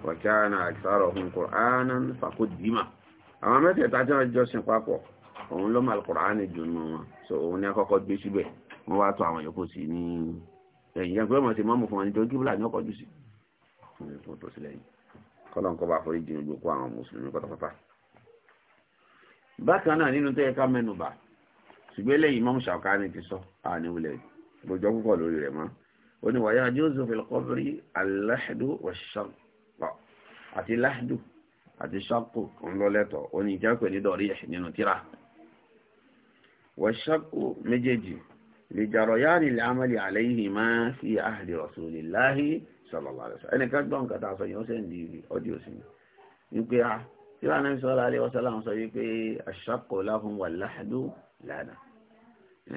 fàkíyàn àti sáárọ̀ hún kọ̀ọ̀ánà fàkó dìímà àwọn mẹ́tẹ̀ẹ̀ta tí wọ́n jọ sìn papọ̀ òun ló mọ alukọ̀ọ̀ánì jù nù wọn so òun ní akọ́kọ́ gbé síbẹ̀ wọ́n wá tọ́ àwọn yòókù sí ní ẹ̀yìn ẹgbẹ́ mọ̀ sí mọ́mù fún wọn nítorí kíbùlà ní ọkọ̀jú sí fún tó sílẹ̀ yìí kọ́lọ́n kọ́ bá forí jìn ojú kó àwọn mùsùlùmí pátápátá. bákan náà nínú tó yẹ ká mẹ́nu bà ṣùgbọ́n eléyìí mọ́mù Ṣàwkánì ti sọ àníwulẹ̀ lójọ́ púpọ̀ lórí rẹ̀ mọ́ ó ní wàyà jóòzù fìlkọ́bìrì aláhàdù àti láhàdù àti ó ní ìjẹ́pẹ̀ ní dọ̀rí ẹ̀ nínú tíra wàṣàpò méjèèjì lìjàrọ̀yáàrì làmàlì àlẹ́yìn máa fi àhàdì rasulillahi sallallahu alaihi wasallam ẹnìkan gbọ́n kàtà sọ yóò ṣe ń di ọdíò sí wípé a tí wọ́n náà sọ́ra alẹ́ ọ̀sán láwọn sọ wípé aṣákọ̀ láhùn wà láhàdù lánàá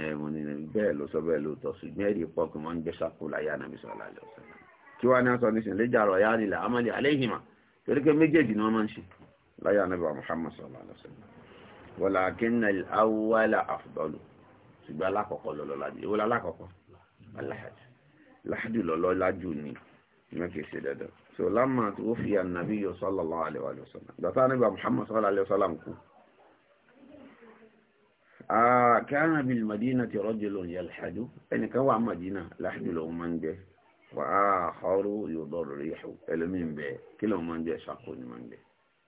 ẹ̀mọ́ ni bẹ́ẹ̀ ló sọ bẹ́ẹ̀ lóòótọ́ ṣùgbọ́n ẹ̀rí pọ̀ kí wọ́n ń gbé sákò láyé ànábì sallallahu alaihi wasallam tí wọ́n náà sọ ní sìn lìjàrọ̀yáàrì làmàlì àlẹ́yìn máa torí pé méjèèjì ni wọ́n máa ń ṣe Muhammad sallallahu alaihi wasallam walakinna al-awwala afdalu ṣùgbọ́n alákọ̀ọ́kọ́ lọ́lọ́ lájú èwo lálákọ̀ọ́kọ́ aláhàjù láhàjù lọ́lọ́ lájú ni ìyẹn kì í ṣe dandan so lámà tí ó fi ànàbí yọ sallallahu alaihi wa sallam dàtà nígbà Muhammad sallallahu alaihi wa sallam kú. kana bil madinati rajulun yalhadu ẹnìkan wà Madina láhàjù lọ́wọ́ máa ń jẹ wà á àkọ́rù yóò dọ̀rọ̀ rí ìṣù ẹlòmíín bẹ́ẹ̀ kí lọ́wọ́ máa ń jẹ ṣàkó ni máa ń jẹ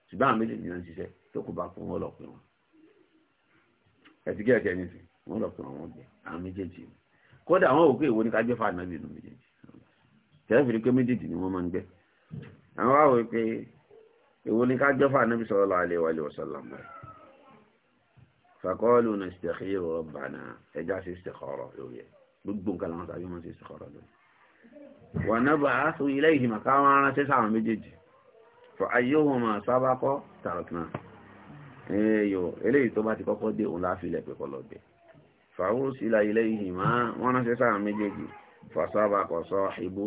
ṣùgbọ́n àwọn méjèèjì náà ṣiṣẹ́ tó kù bá fún wọn lọ́pìn wọn. ẹ̀sìnkí ẹ̀kẹ́ ní sìn wọ́n lọ sọ̀rọ̀ wọn jẹ àwọn méjèèjì kódà àwọn òkú èwo ni ká gbé fáànà bí inú méjèèjì tẹ́lifìrí pé méjèèjì ni wọ́n máa ń gbé àwọn wá wọ́n pé èwo ni ká gbé fáànà bí sallallahu alaihi wa sallam fàkọ́ọ̀lù na istakhiru rabbana ẹja sí istikhara lórí ẹ gbogbo nǹkan làwọn sábẹ́ máa ń sí istikhara lórí wa nab'athu ilayhima ká wọn ránṣẹ́ sáwọn méjèèjì fa ayyuhuma sabaqa tarakna ẹ̀yọ̀ eléyìí tó bá ti kọ́kọ́ dé òun láfi ilẹ̀ pẹ̀kọ́ lọ́gbẹ̀ẹ́ fàwúrúsílà ilé ìhìmá wọ́n ránṣẹ́ sáà méjèèjì fàṣàbà kọ̀sọ́ ìbú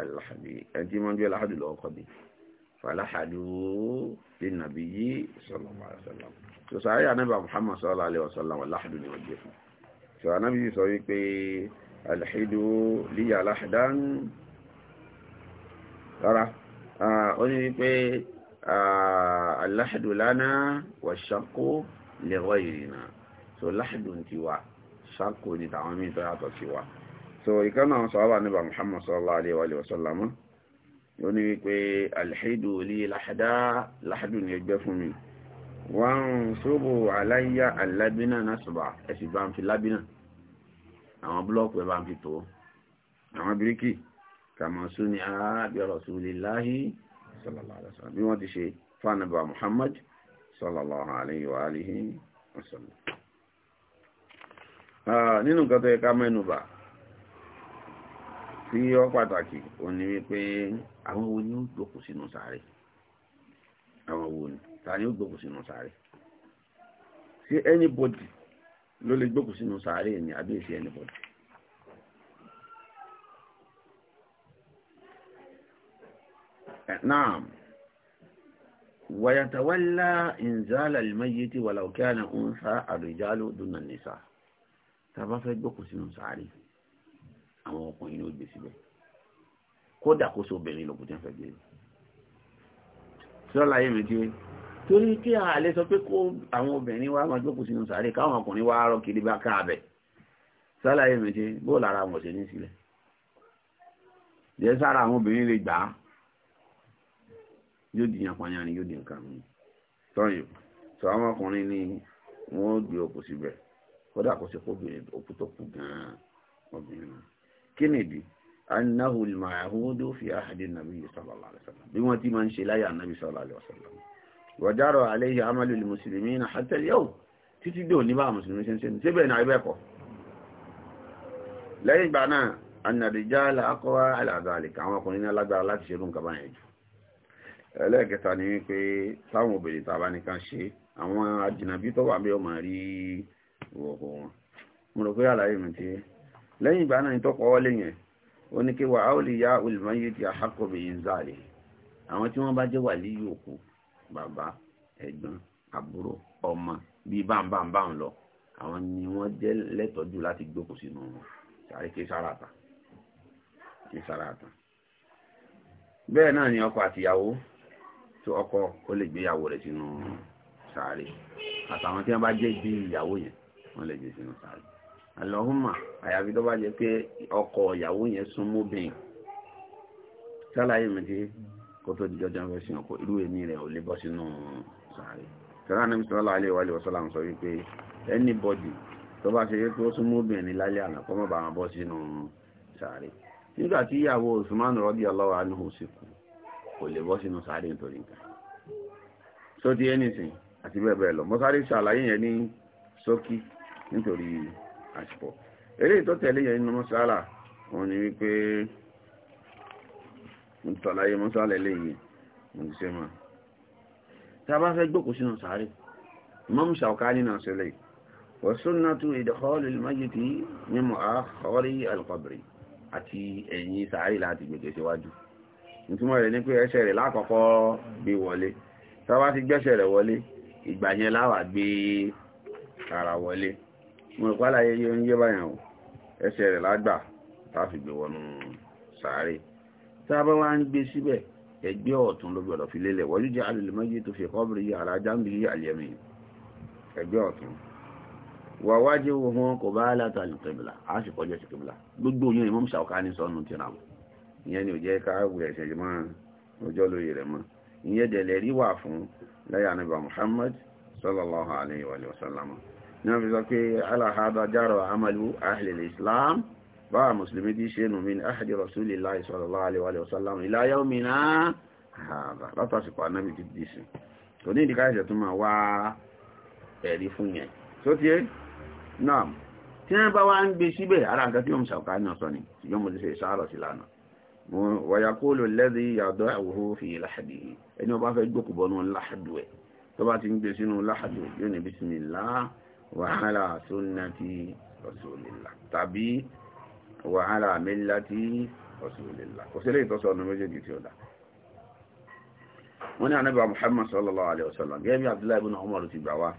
alhàbí ẹjí mọ́jú aláhàdù lọ́kọ̀dì fàláhàdù lè nàbí yí sọ̀rọ̀mọ̀sọ̀lọ̀ Aláhàdù lánàá wà ṣakó lè rọ ìrìnà, so láhàdù ti wà ìsákò ní tàwọn míì tó yàtọ̀ sí wa so ìkànnà àwọn sọ̀rọ̀ wà níbà Muhammad sallallahu alaihi wa sallam ó ní wípé alhidu li láhàdá láhàdù ní ẹgbẹ́ fún mi wọ́n sóbò aláyá alábínà náà sọ̀bà ẹ̀sì bá ń fi lábínà àwọn búlọ́ọ̀kù ẹ̀ bá ń fi tó àwọn bíríkì kàmọ́sù ni àábí rasulillahi sallallahu alaihi wa sallam bí wọ́n ti ṣe fánàbà Muhammad sallallahu alaihi wa alihi wa nínú nǹkan tó yẹ ká mẹ́nubà tí ó pàtàkì ò ní wípé àwọn wo ni ó gbòkù sínú sáré àwọn wo ni ta ó gbòkù sínú sáré sí anybody ló lè gbòkù sínú sáré ni àbí èsì anybody naam wàyàtàwálá ìnzálà lè tí wàlàókè àná ń sá àrùjálò dúnà nìsáà tàbá fẹ́ gbọ́kù sínú sàárè àwọn ọkùnrin ló gbé síbẹ̀ kódà kó so obìnrin lòkù tí wọ́n fẹ́ gbé sọ́la yé mi tí torí kí àlẹ́ sọ pé kó àwọn obìnrin wá máa gbọ́kù sínú sàárè káwọn ọkùnrin wá rọ kiri bá káàbẹ̀ sọ́la yé mi tí bóòlù ara wọn ṣe ní sílẹ̀ jẹ́ sára àwọn obìnrin lè gbà á yóò di àpàyàn ni yóò di nǹkan mi tọ́yìn sọ àwọn ọkùnrin ni wọ́n gbé òkú síbẹ̀ kódà kó ṣe kóbìnrin òkú tó kú gan-an obìnrin náà kí nìdí annahu al-ma'hudu fi ahadi an-nabi sallallahu alaihi wasallam bí wọ́n ti máa ń ṣe láyé ànábì sallallahu alaihi wasallam wa jara alayhi amalu al-muslimina hatta al-yawm títí dé òní bá mùsùlùmí ṣe ń ṣe síbẹ̀ náà ibẹ̀ kọ́ lẹ́yìn ìgbà náà anàdìjáàlà akọ́wà aláàdáàlìkà àwọn ọkùnrin ní alágbára láti ṣe lóǹkà bá yẹn jù ẹlẹ́ẹ̀kẹta ni wípé táwọn obìnrin tàbá nìkan ṣe àwọn àjìnàbí tó wà bí ọmọ rí ìwọ̀kọ̀ wọn mo rò pé àlàyé mi ti lẹ́yìn ìgbà náà tó kọ́wọ́ lè yẹn ó ní kí wà á ó lè yá olùmọ́yé ti àhákọ̀bì yìí ń záre àwọn tí wọ́n bá jẹ́ wà lé yòókù bàbá ẹ̀gbọ́n àbúrò ọmọ bíi báńbáńbáń lọ àwọn ni wọ́n jẹ́ lẹ́tọ̀ọ́jú láti gbókù sínú wọn sáré kí sára àtà kí sára àtà bẹ́ẹ̀ náà ni ọkọ àtìyàwó tó ọkọ ó lè gbéyàwó rẹ̀ sínú sáré àtàwọn tí wọ́n bá jẹ́ bí ìyàwó yẹn wọ́n lè jẹ́ sínú sáré àlọ́hùnmà àyàfi tó bá jẹ́ pé ọkọ ìyàwó yẹn sún mọ́bìn sálàyé mi ti kó tó dijọ́ dán fẹ́ sínú ọkọ irú èmi rẹ̀ ò lè bọ́ sínú sáré sọ́lá nàbí sọ́lá alẹ́ ìwà ìwọ̀sọ́ ń sọ wípé anybody tó bá ṣe yẹ ní lálẹ́ àná bọ́ sínú sáré nígbà tí ìyàwó kò lè bọ́ sínú sáré nítorí nǹkan so di anything àti nítorí àṣìpọ̀ eléyìí tó tẹ̀lé yẹn nínú mọ́sálà wọn ni wípé ń tọ́láyé mọ́sálà eléyìí mo ti ṣe máa tí a bá fẹ́ gbókù sínú sáré Imam Shawkani náà sílẹ̀ wa sunnatu idkhali al-mayyiti min mu'akhkhari al-qabri àti ẹ̀yìn sáré láti gbèkè síwájú ìtumọ̀ rẹ̀ ní pé ẹsẹ̀ rẹ̀ lákọ̀ọ́kọ́ gbé wọlé tí bá ti gbẹ́sẹ̀ rẹ̀ wọlé ìgbà yẹn láwà gbé ara wọlé mọ̀ ìpàlà ayẹyẹ oúnjẹ báyàn o ẹsẹ̀ rẹ̀ lágbà táfi gbé wọnú sàárè tá a bá wá ń gbé síbẹ̀ ẹgbẹ́ ọ̀tún ló gbọ́dọ̀ fi lélẹ̀ wọ́n jẹ́ alìlẹ́mọ́jì tó fi kọ́bìrì yìí alájáǹbì yìí àlẹ́mì ẹgbẹ́ ọ̀tún wà wájú wọn kò bá látà ní kẹbìlà á sì kọjá sí kẹbìlà gbogbo yẹn ni mọ́mùsà ọ̀ká ní sọ́nù tí ìyẹn ni ò jẹ́ ká wù ẹ̀ṣẹ̀ jẹ́ ọjọ́ lóye ní wọ́n fi sọ pé aláhádọ́ járọ̀ amalu ahlil islam bá mùsùlùmí tí ṣe nù min ahdi rasulillahi sallallahu alaihi wa sallam ila yawmina hada látàsìkò anábì ti dì sí kò ní ìdíkà ìṣẹ̀ tó máa wá ẹ̀rí fún yẹn tó tiẹ́ náà tí wọ́n bá wá ń gbé síbẹ̀ ara nǹkan tí yóò mú ṣàkóso náà sọ ni yóò mú ti ṣe ìṣàrọ̀ sí lánàá wàyàkóòlò lẹ́dí yàdọ́ àwòrán òfin láhàdì ẹni ọba fẹ́ gbókùbọ́nú láhàdù ẹ̀ wàhálà sunnati rasulillah tàbí wàhálà millati rasulillah kò sílé ìtọ́sọ̀ ọ̀nà méjèèjì tí ó dá wọ́n ní ànábà muhammad sallallahu alaihi wasallam gẹ́gẹ́ bí abdullahi ibn umar ti gbà wá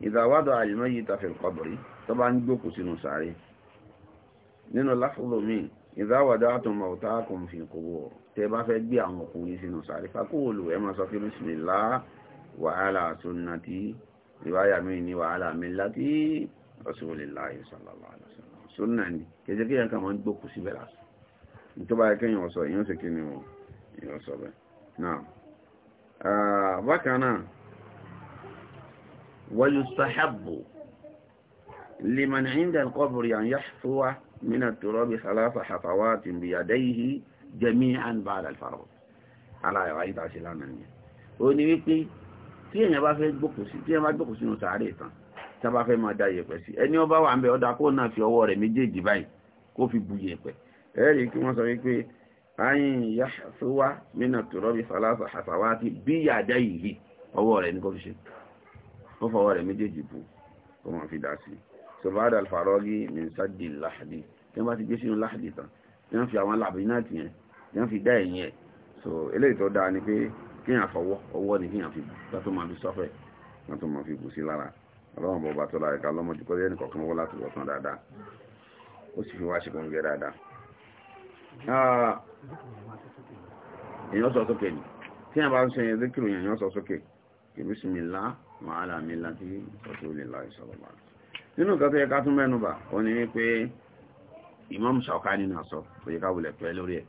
idha wada al-mayyita fil qabri tó bá ń gbókù sínú sàárè nínú láfúrò míì idha wada'tum mawtakum fil qubur tẹ bá fẹ́ gbé àwọn ọkùnrin sínú sàárè رواية مني وعلى ملة رسول الله صلى الله عليه وسلم سنة عندي كذلك كذا كمان بوكو سبلا انتو بقى كان يوصل ينسى كنو يوصل نعم وكان ويستحب لمن عند القبر أن يحفو من التراب ثلاث حطوات بيديه جميعا بعد الفرض على رأيت عسلان عندي ونبقي tí èèyàn bá fẹ́ gbòkò sí tí èèyàn bá gbòkò sínú sàárè tán tí a bá fẹ́ máa da yẹ̀pẹ̀ sí ẹni ọba wà ń bẹ ọ̀dà kó náà fi ọwọ́ rẹ̀ méjèèjì báyìí kó fi bu yẹ̀pẹ̀ ẹ̀rí kí wọ́n sọ wípé ayin ìyá fúwa mínà tòrọ́ bí falasa àtàwá ti bí yàdá yìí ọwọ́ rẹ̀ ní kó fi ṣe ó fọwọ́ rẹ̀ méjèèjì bu kó máa fi dá sí sọfáàdà alfarọ́gì mìsàdì láhàdì tí wọ́n so eléyìí tó dáa kíyàn fọwọ́ ọwọ́ ni kíyàn fi bù látó máa fi sọ́fẹ̀ látó máa fi bù sí lára ọlọ́run bọ̀ bá tọ́lá ẹ̀ka lọ́mọdé kọ́ lẹ́yìn kọ̀ọ̀kan wọ́n láti wọ̀tán dáadáa ó sì fi wá ṣe kóńgẹ́ dáadáa. Ah, èèyàn sọ sókè ni kíyàn bá ń ṣe ẹyẹ dékìrò yẹn èèyàn sọ sókè kìbí sinmi lá wàhálà mi láti ọ̀tún olè láì sọ̀rọ̀ bá nínú nǹkan tó yẹ ká tún mẹ́nu bà ó ní wípé Imam Shaukani náà sọ kò yẹ ká wulẹ̀ pẹ́ lórí ẹ̀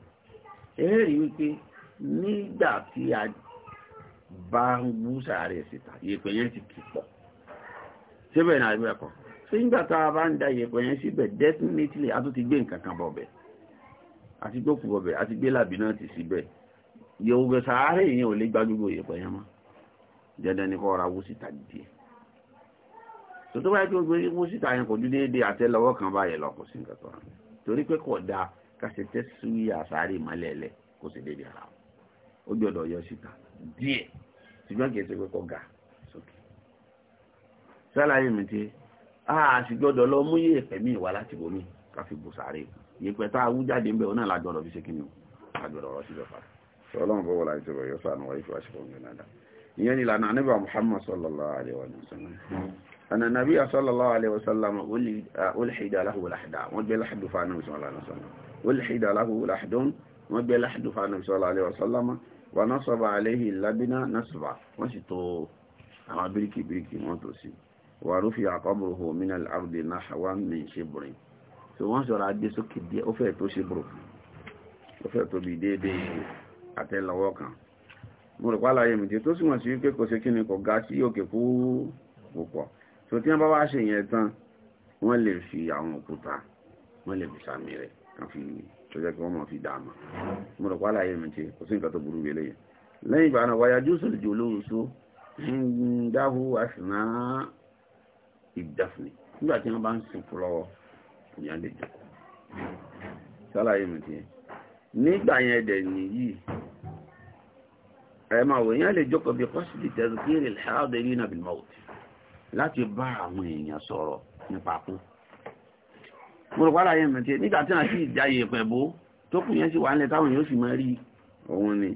ẹ̀rẹ́ rí wípé nígbà tí a bá ń wú sàárè síta yẹ̀pẹ̀ yẹn ti kì pọ̀ síbẹ̀ ní àríwá kan tí ń gbà tá a bá ń da yẹ̀pẹ̀ yẹn síbẹ̀ definitely a tún ti gbé nǹkan kan bọ̀bẹ̀ àti gbókù bọ̀bẹ̀ àti gbé làbí náà ti síbẹ̀ yòówù sàárè yẹn ò lè gbá gbogbo yẹ̀pẹ̀ yẹn mọ́ dandan ni kọ́ ra wú síta díẹ̀ tó tó báyìí tó gbé wú síta yẹn kò ju déédéé àtẹ́lẹwọ́ kan báyẹ̀ lọ kò sí nǹkan tó rà torí pé kò dáa ká ṣe tẹ́sùwìyà sàárè mọ́lẹ̀ẹ́lẹ̀ kò sì déédéé ara wọn ó gbọ́dọ̀ yọ síta díẹ̀ ṣùgbọ́n kìí ṣe pé kọ́ ga sókè sálàyé mi ti a sì gbọ́dọ̀ lọ mú yé ẹ̀fẹ̀ mi ìwà láti bò mí ká fi bò sáré yẹpẹ tá a wú jáde ń bẹ ọ náà lágbọ́dọ̀ fi ṣe kí ni o lágbọ́dọ̀ ọ̀rọ̀ sí lọ́fà ọlọ́run bọ́ wọlá ìṣòro yọ sànù wáyé fi wáṣọ ọ̀gbìn náà ìyẹn ni Muhammad sallallahu alaihi wa ana nabi sallallahu alaihi wa sallam olùhìdà aláhùwà láhìdà wọn gbé láhìdù fún anábì sallallahu alaihi wa sallam wọ́n gbé láhàdù fánàbí sallallahu alaihi wasallam wà náà sọ́bà aléhì lábínà násùbà wọ́n sì tó àwọn bíríkì bíríkì wọ́n tó sí wà rúfi àkọ́bùrùhù minal ardi nahwa min shibrin so wọ́n sọ̀rọ̀ adé sókè díẹ̀ ó fẹ́ tó ṣíbrù ó fẹ́ tó bí déédé àtẹ́lọ́wọ́ kan mo rò pálá yẹn mìtì tó súnmọ̀ sí wípé kò sí kí ni kò ga sí òkè púpọ̀ so tó jẹ́ kí wọ́n mọ̀ fi dààmú mo rò pálá yé mi ti kò sí nǹkan tó burú wẹlé yẹn lẹ́yìn ìgbà náà wáyà jùsù lè jò lóòsù ń dáhù àṣìná ìdáfìnì nígbà tí wọ́n bá ń sìnkú lọ́wọ́ ìyá lè jò sálà yé mi ti nígbà yẹn dẹ̀ mọ̀rọ̀pára yẹn mẹ́tẹ́ nígbà tí wọ́n sì jáyè pẹ̀bó tó kù yẹn sì wà nílẹ̀ táwọn yóò sì mọ́ rí òun ni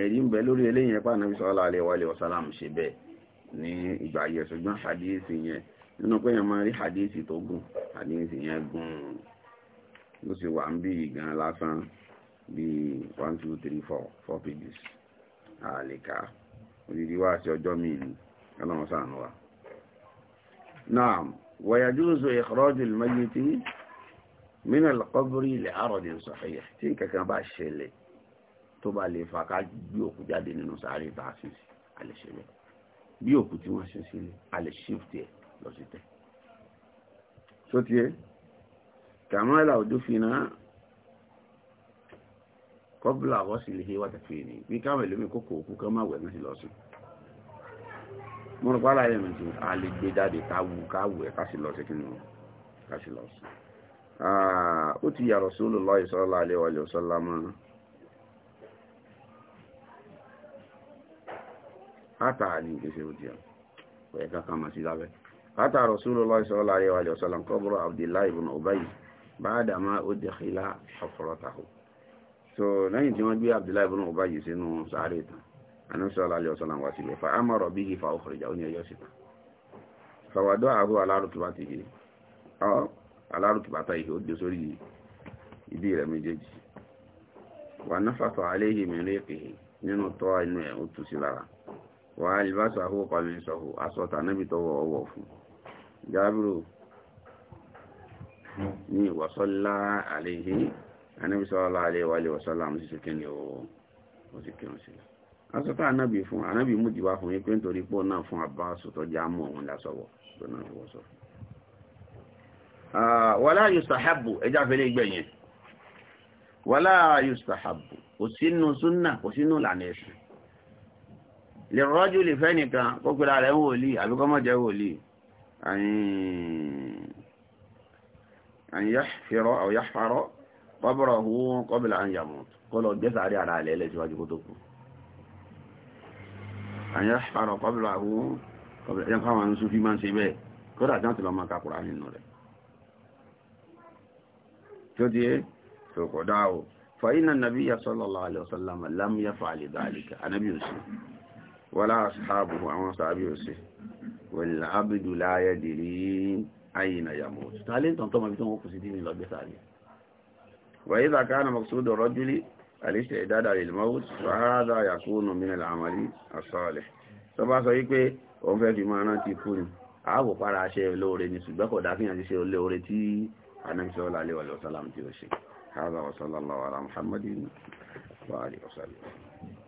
ẹ̀rí ń bẹ lórí eléyìn ẹ̀pá Ànábì sallallahu alaihi wasallam ṣe bẹ́ẹ̀ ní ìgbà ayé ṣùgbọ́n hadisi yẹn nínú pé yẹn máa rí hadisi tó gùn hadisi yẹn gùn ló sì wà ń bí gan lásán bí one two three four four pages àlèkà odidi wá sí ọjọ́ míì ni ọlọ́run sànù wa. naam wa yajuzu ikhrajul mayyiti mínà lọ́kọ́bírí ilẹ̀ àròdì sọ̀hìyà tí nǹkankan bá ṣẹlẹ̀ tó bá lè fa ká gbé òkú jáde nínú sàárè tá a sì sí a lè ṣe bẹ́ẹ̀ bí òkú tí wọ́n ṣe sílẹ̀ a lè ṣífùtì ẹ̀ lọ sí tẹ̀. sotie kàmáàlà òjò fi náà kọ́bùlà wọ́n sì lè ṣe wá tẹ̀fẹ́ ni bí káwọn ẹlòmíì kókò òkú kan máa wẹ̀ náà sí lọ sí. mo rò pé aláìlẹ́mìtì a lè gbé jáde ká wù ká wù ẹ̀ ká sì lọ sí kí ni ká sì lọ sí. Ah, ó ti ya Rasulullah sallallahu alaihi wa sallam hátà ní ìgbésẹ̀ òdí ọ̀pẹ̀ kankan ma sí lábẹ́ hátà Rasulullah sallallahu alaihi wa sallam qabra Abdullahi ibn Ubay ba'da ma so lẹ́yìn tí wọ́n gbé Abdullahi ibn Ubay sínú sàárè tán Ànábì sallallahu alaihi wa sallam wá sílẹ̀ fa amara bihi fa ukhrija ó ní ẹjọ́ síta fàwàdọ́ àrú bá ti yìí alárùkì bàtà ìhò dé sórí ìdí rẹ̀ méjèèjì wà náfàtọ̀ aléhì mẹ́rin èkè nínú tọ́ inú ẹ̀ ó tú sí lára wà alìbáṣà hó kọmi sọ̀hù asọ́ta níbi tọwọ́ ọwọ́ fún jábírò ní ìwọ̀sọ́lá aléhì anábi sọ́lá aléwàlé wọ̀sọ́lá mú sí sí kíni ó sì kírun asọ́ta anábi fún anábi mú jìwá fún yí nítorí pọ́ náà fún àbá sọ̀tọ́ òun lásọ̀wọ̀ tó náà fi Ah, wàlá yustahabu ẹjá fẹ́lẹ́ gbẹ̀yẹn wàlá yustahabu kò sínú súnnà kò sínú lànà ẹ̀sìn lè rọ́jú lè fẹ́ nìkan kó pèrà rẹ̀ ń wòlí àbíkọ́mọ́jẹ́ wòlí àyìn yáfẹ́rọ́ àwọn yáfẹ́rọ́ kọ́bọ̀rọ̀ hún kọ́bìlà àyìn yàmù kó lọ gbé sàárẹ̀ ara rẹ̀ lẹ́síwájú kó tó kù àyìn kọ́bìlà hún kọ́bìlà àyìn yàmù kọ́bìlà àyìn yàmù kọ́bìlà àyìn yàmù kọ́bìlà àyìn yàmù kọ́bìlà àyìn yàmù kọ́bìlà àyìn tó di é tó kọ̀ dá o fa inna nabiyya sallallahu alaihi wasallam lam yaf'al dhalika anábì ò sí wala ashabu àwọn sàábì ò sí wal abdu la yadri ayna yamut tàlẹ́ntàn tó ma fi tó sí dínì lọ́gbẹ́ sáré وإذا كان مقصود الرجل الاستعداد للموت فهذا يكون من العمل الصالح sọba sọ wípé òun fẹ́ fi máa rántí kú ni ààbò para aṣẹ́ olóore ni النبي صلى الله عليه وسلم هذا وصلى الله على محمد وآله وصحبه